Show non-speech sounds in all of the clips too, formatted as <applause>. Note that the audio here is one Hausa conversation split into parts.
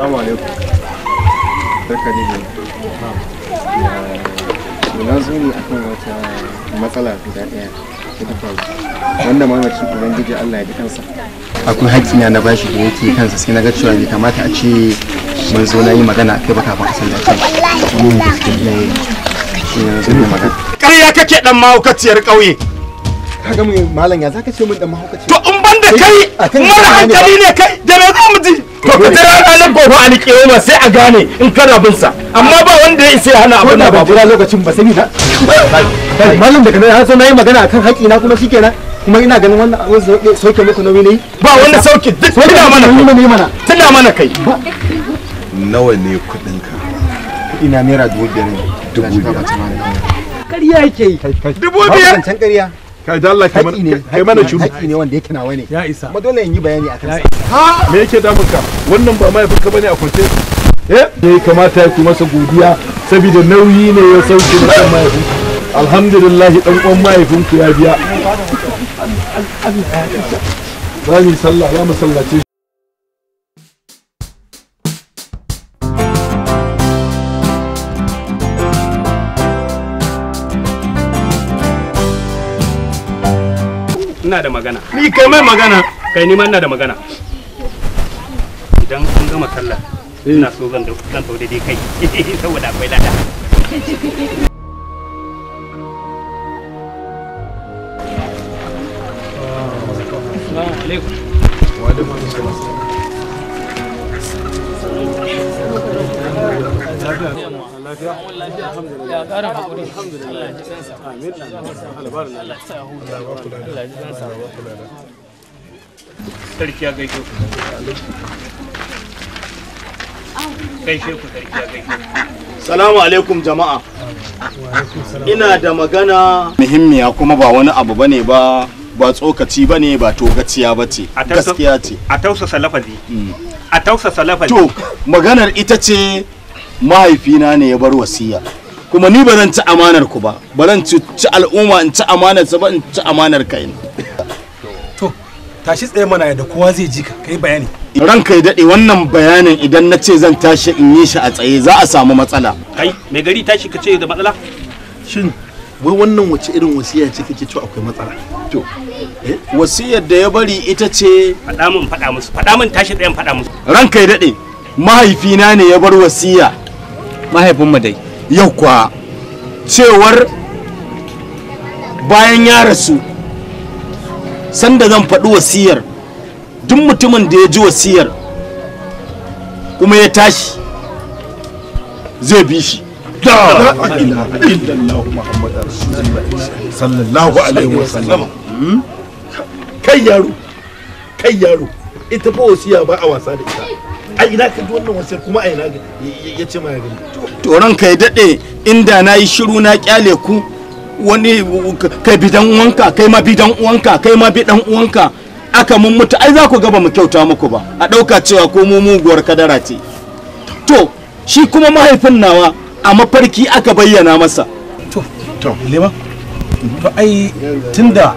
Assalamu alaikum. Eh, na akan matsala Ubangiji Allah ya ji kansa. Akwai haƙƙina na bashi da yake kansa sai na ga cewa bai kamata a ce mun zo na yi magana kai ba kafin a sallaci. Eh, eh, yanzu ne magana. Ƙarya kake ɗan mahaukaciyar ƙauye. ka ga mun malam ya zaka ce mun dan mahaukaci to in ban da kai mara hankali ne kai da me za mu ji to ka jira ranar gobe a liƙewa ma sai a gane in kana bin sa amma ba wanda ya isa hana abin da ba jira lokacin ba sani na malam da kana zo na yi magana akan haƙi na kuma shikenan kuma ina ganin wannan abin sauke muku nauyi ne ba wanda sauke duk tuna mana tuna mana kai nawa ne kuɗin ka ina naira dubu biyar dubu biyar ƙarya yake yi dubu biyar kai da Allah kai mana shiru haƙi ne wanda yake nawa ne ya isa kuma dole in yi bayani a kansa ha me yake damun ka wannan ba mai fuka bane a kwance eh da ya kamata ku masa godiya saboda nauyi ne ya sauke masa mai alhamdulillah dan uwan mahaifinku ya biya za mu sallah za mu da magana ni kai mai magana kai ni ma ina da magana idan an gama sallah ina so zan zan tau dai kai <laughs> saboda akwai lada Assalamu alaikum. Wa alaikum assalam. salamu alaikum jama'a ina da magana muhimmiya kuma ba wani abu bane ba ba tsokaci bane ba to togaciya bace gaskiya ce a tausasa lafazi mm. a tausasa lafazi to maganar ita ce mahaifina ne ya bar wasiya kuma ni ba zan ci amanar ku ba ba zan ci al'umma in ci amanar sa ba in ci amanar kai to tashi tsaye mana yadda kowa zai ji ka kai bayani ranka ya dade wannan bayanin idan na ce zan tashi in yi shi a tsaye za a samu matsala kai mai gari tashi ka ce da matsala shin wai wannan wace irin wasiya ce kake cewa akwai matsala to eh, wasiyar da ya bari ita ce faɗa min faɗa musu faɗa mun tashi tsayen faɗa musu ranka ya dade mahaifina ne ya bar wasiya mahaifinmu dai yau kuwa cewar bayan ya rasu sanda zan faɗi wasiyar duk mutumin da ya ji wasiyar kuma ya tashi zai bi shi sallallahu alaihi wasallam hmm? kai yaro kai yaro ita ba wasiya ba a wasa da ita a ina ka ji wannan wasiyar kuma a ya ce ma ya gani to dade inda na yi shiru na kyale ku wani kai bidan uwanka kai ma bidan uwanka kai ma bidan uwanka aka mun mutu ai za ku gaba mu kyauta muku ba a ɗauka cewa ko mu muguwar kadara ce to shi kuma mahaifin nawa a mafarki aka bayyana masa to to lema to ai tunda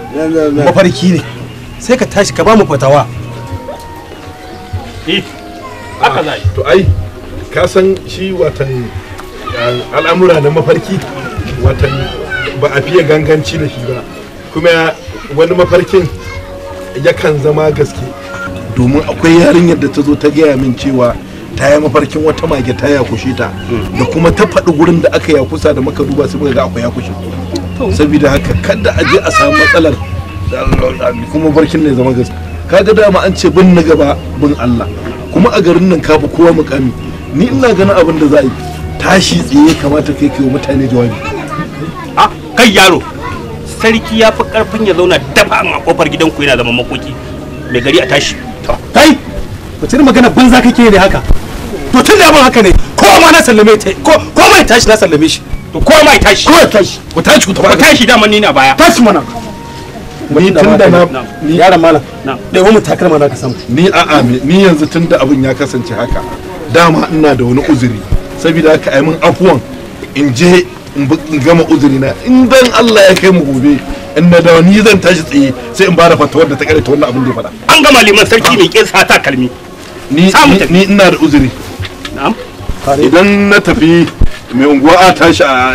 mafarki ne sai ka tashi ka ba mu fatawa eh haka za to ai ka san shi watan eh, al'amura na mafarki watan ba a fiye ganganci da shi ba kuma wani mafarkin yakan zama gaske domin akwai yarinyar da ta zo ta gaya min cewa ta yi mafarkin wata mage ta yakushe ta hmm. da kuma ta faɗi gurin da aka kusa da maka duba sai muka ga akwai yakushe saboda haka kada a je a samu matsalar kuma barkin ne zama gaske kaga dama an ce bin na gaba bin Allah kuma a garin nan kafi kowa mukami ni ina ganin abin da za a yi tashi tsaye kamata kai kai mutane jawabi a kai yaro sarki ya fi karfin ya zauna dafa a kofar gidanku yana zama makoki mai gari a tashi kai wacce magana banza kake ne haka to tun da abin haka ne kowa ma na sallame ta ko mai tashi na sallame shi to kowa mai tashi kowa tashi ku tashi ku tashi dama ni na baya tashi mana ni tun da na yara mana da mu takalma na ka samu ni a a'a ni yanzu tun da abin ya kasance haka dama ina da wani uzuri saboda haka ai min afuwan in je in gama uzuri na in dan Allah ya kai mu gobe in na dawo ni zan tashi tsaye sai in bada fatawar da ta kare ta wannan abin da ya faɗa an gama liman sarki ke sa ta kalmi ni ni ina da uzuri na'am idan na tafi mai unguwa a tashi a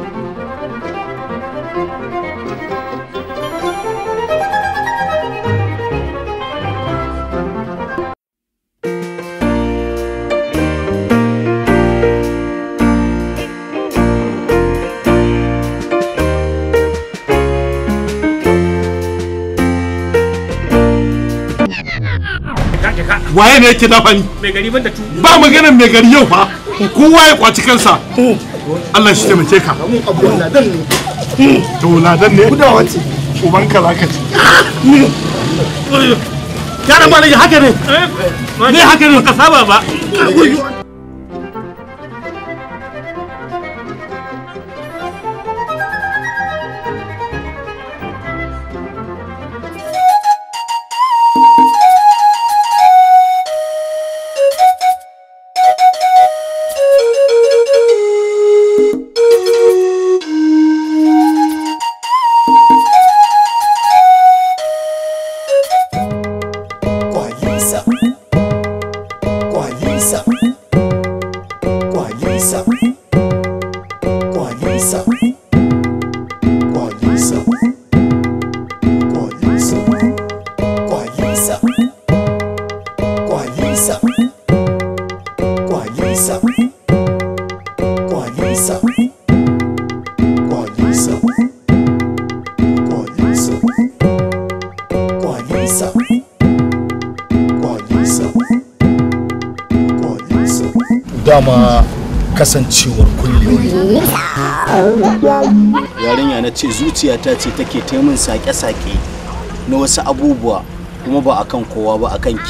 waye ne yake dafa ni mai gari banda tu ba maganar mai gari yau fa hmm. kowa ya kwaci kansa hmm. Allah shi taimake ka hmm. to ladan ne guda wace uban ka zaka ci yaran ba ne haka ne ne eh, haka ne ka saba ba myself. dama kasancewar kullum yarinya na ce zuciyata ce take taimun sake-sake na wasu abubuwa kuma ba a kan kowa ba akan ki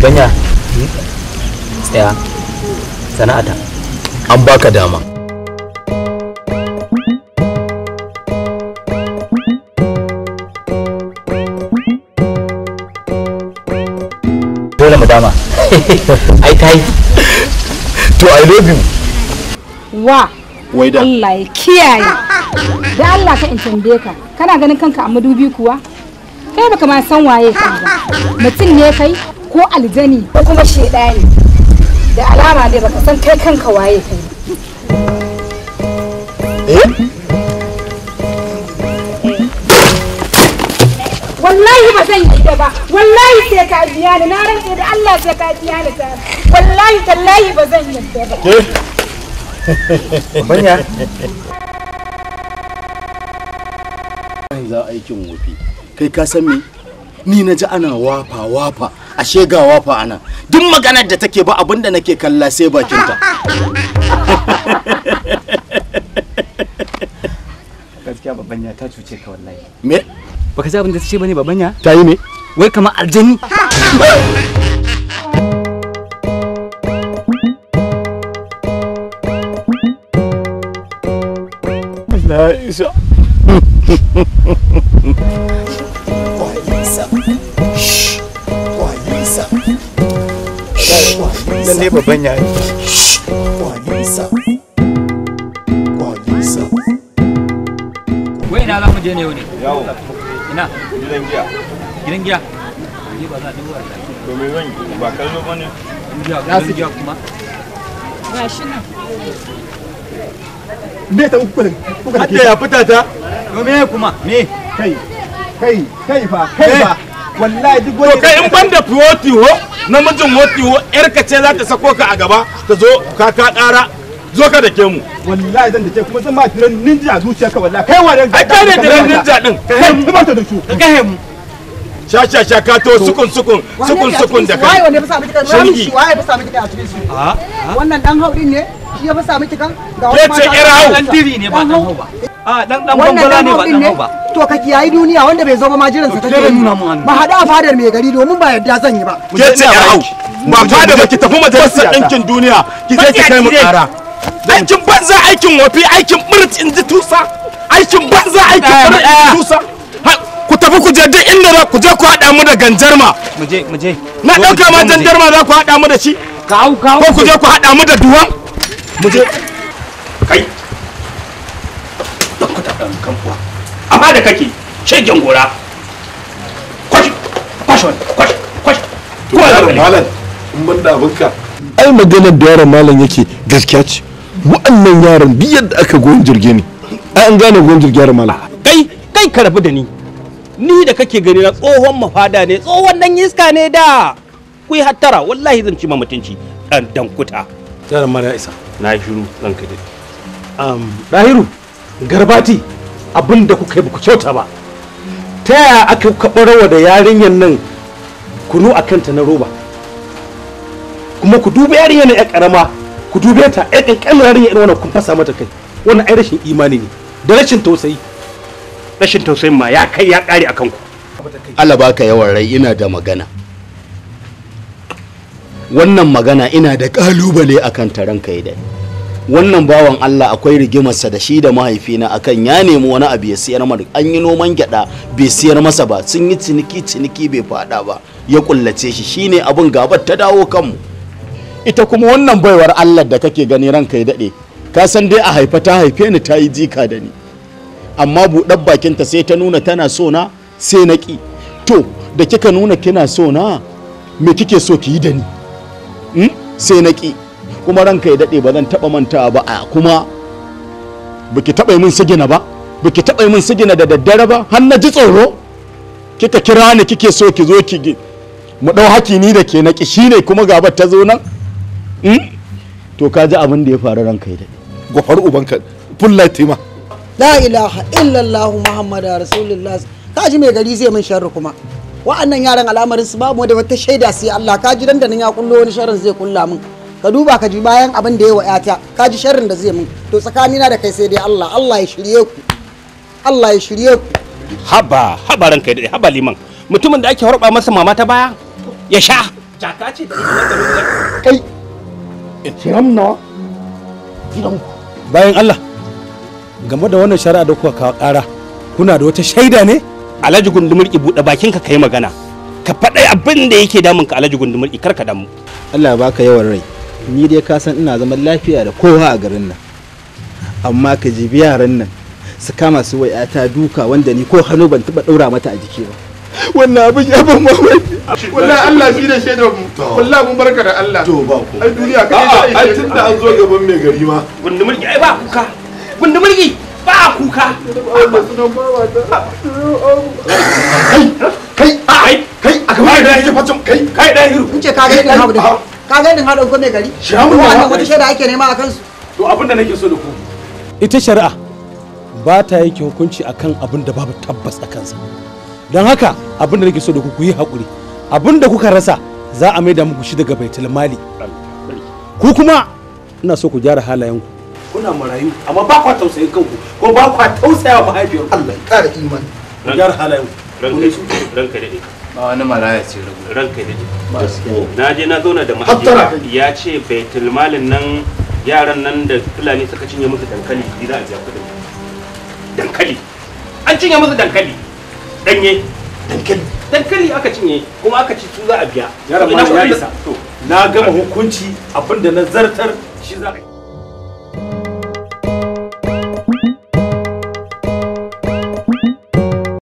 ganya tsaya sana'ata an baka dama dole mu dama ai yi. to i love you wa wai da Allah ya kiyaye da Allah ka in ka kana ganin kanka a madubi kuwa kai baka ma san waye ka ba mutum ne kai ko aljani ko kuma shedani da alama dai baka san kai kanka waye kai eh zan yi ba wallahi sai ka biya ni na rantse da Allah sai ka biya ni ta wallahi tallahi ba zan yi da ba banya za aikin wofi kai ka san me ni na ji ana wafa wafa ashe ga wafa ana duk maganar da take ba abinda nake kalla sai bakinta <laughs> babanya ta cuce ka wallahi me baka ji abin da ta ce bane babanya ta yi me wai kamar aljani na isa Dan dai babban yayi. ina gidan giya gidan giya ni ba za to me zan yi ba kallo ba ne giya kuma ga shi nan me ta kuka ya fita ta to me kuma me kai kai kai fa kai fa wallahi duk wani kai in banda fiwoti ho namijin yarka ce za ta sako ka a gaba ta zo ka ka kara zo ka dake mu wallahi zan ce kuma zan ma tiran ninja zuciya ka wallahi kai wannan ai kai ne tiran ninja din kai mu ba da su ka kai mu sha sha sha ka to sukun sukun sukun sukun da kai wanda ba sa miki kan shi ba sa miki kan a cikin su a ah, ah. wannan dan ne shi ya ba sa miki kan ga wani ma dan diri ne ba dan hau ba a ah, dan dan bangala ne ba dan hau ba to ka kiyayi duniya wanda bai zo ba ma sa take yi ba hada a fadar mai gari domin ba yadda zan yi ba ke ce ba fadar ki tafi majalisar ɗinkin duniya ki ki kai mu tsara aikin banza aikin wafi aikin birti in ji tusa aikin banza aikin birti in ji tusa ku tafi ku je duk inda za ku je ku haɗa mu da ganjarma mu je mu je na ɗauka ma ganjarma za ku haɗa mu da shi ka ko ku je ku haɗa mu da duwan mu je kai ku ta ɗan kan kuwa amma da kake kwashi kwashi kwashi kwashi kuma da malam in ban da abinka ai maganar da yaron malam yake gaskiya ce wa'annan yaran duk yadda aka goyin jirge ne ai an gane goyin jirgi yaran malam kai kai ka rabu da ni ni da kake gani na tsohon mafada ne tsohon nan iska ne da ku yi hattara wallahi zan ci ma mutunci dan dankuta yaran mara isa na shiru ranka da um dahiru garbati abin da kuka yi ku kyauta ba ta yaya aka kaɓarawa da yarinyan nan kunu a kanta na roba kuma ku duba yarinyan na ƙarama ku dube ta ai kankan yarinya irin wannan kun fasa mata kai wannan ai rashin imani ne da rashin tausayi rashin tausayin ma ya kai ya kare akan ku Allah baka yawan rai ina da magana wannan magana ina da kalubale akan taron kai dai wannan bawan Allah akwai rigimarsa da shi da mahaifina akan ya nemi wani abu ya siyar mana an yi noman gyada bai siyar masa ba sun yi ciniki ciniki bai fada ba ya kullace shi shine abin gabar ta dawo kanmu ita kuma wannan baiwar allah da kake gani ranka ya daɗe ka san dai a haifa ta haife ni ta yi jika da ni amma buɗar bakinta sai ta nuna tana so na sai na ƙi to da kika nuna kina so na me kike so ki yi da ni hmm? sai na ƙi kuma ranka ya daɗe ba zan taɓa mantawa ba a kuma baki taɓa min sigina ba baki taɓa min sigina da daddare ba har na ji tsoro kika kira ni kike so ki zo ki mu ɗau haki ni da ke na shine kuma gaba ta zo nan Hmm? to ka ji abin da ya faru ranka ya da, gwafar ubanka fulla tima la ilaha illallah muhammadu rasulullah ka ji mai gari zai min sharri kuma wa'annan yaran al'amarin su babu da wata shaida sai Allah ka ji nan ya kullo wani sharrin zai kulla min ka duba ka ji bayan abin da ya wa'ata ka ji sharrin da zai min to tsakanina da kai sai dai Allah Allah ya shirye ku Allah ya shirye ku haba haba ran kai da haba liman mutumin da ake horba masa mama ta baya ya sha jaka ce da kai kiram gidanku bayan Allah game da wannan shari'a da kuka kawo ƙara kuna da wata shaida ne alhaji gundumurki buɗe bakin ka kai magana ka faɗa abin da yake damun ka alhaji gundumurki kar ka damu Allah ya baka yawan rai ni dai ka san ina zaman lafiya da kowa a garin nan amma ka jibi yaran nan su kama su wai ta duka wanda ni ko hannu ban taɓa ɗaura mata a jiki ba wannan abin ya ban mamaki wallahi Allah shi da shaidar mu wallahi mun barka da Allah to ba ku. ai duniya kai da ai tunda an zo gaban mai gari ma gundu mulki ai ba kuka gundu mulki ba kuka kai kai kai a gaban da yake facin kai kai da hiru kuce ka ga din haɗu ka ga din haɗu ko mai gari wannan wata shaida ake nema a kansu to abin da nake so da ku ita shari'a ba ta yake hukunci akan abin da babu tabbas a kansa don haka abin da nake so da ku yi haƙuri abin da kuka rasa za a maida muku shi daga baitul mali ku kuma ina so ku gyara halayenku kuna marayu amma ba kwa tausayin kanku ko ba kwa tausaya mahaifiyar Allah ƙara imani ku gyara halayenku ranka da ba wani maraya ce ranka da na je na zauna da mahaifi ya ce baitul malin nan yaran nan da fulani suka cinye musu dankali za a biya dankali an cinye musu dankali danye dankali dankali aka cinye kuma aka ci su za a biya na gama hukunci abinda na zartar shi za a yi